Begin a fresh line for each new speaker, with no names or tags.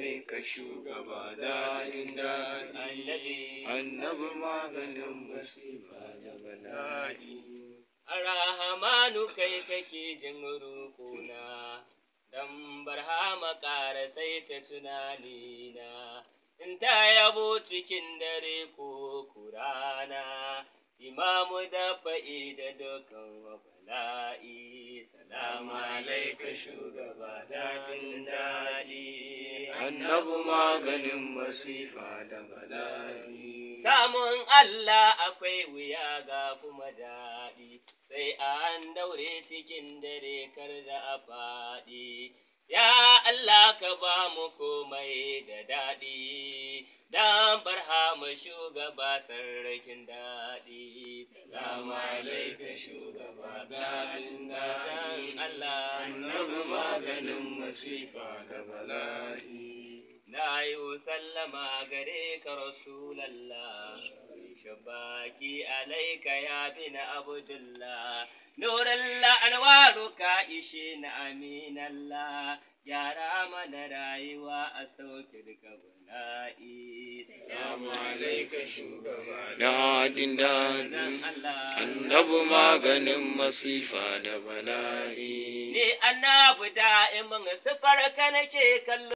kai ka shugaba daɗin daɗi annabi maganin musiba da bala'i arhamanu kai kake jin rukuna dan barhama ƙara sai ta tunanina in ta yabo cikin dare ko kurana imamu da fa'i da dukkan bala'i salamu alaika shugaba annabu maganin masifa da bala'i. Samun Allah akwai wuya ga kuma daɗi, sai an daure cikin dare kar da a faɗi. Ya Allah ka ba mu komai da daɗi, don barha mu shugaba sarrakin daɗi. Salamu alaika shugaba daɗin daɗi, Allah, maganin masifa da bala'i. na yi sallama gare ka rasulallah shabaki alaika ya bin abdullah nurallah alwaruka ishe na aminallah gyara mana rayuwa a saukin kabula'i. Salamu alaika shugaba da hadin dadin annabu masifa da bala'i. Ni annabu da'imin sufar ka nake kallo.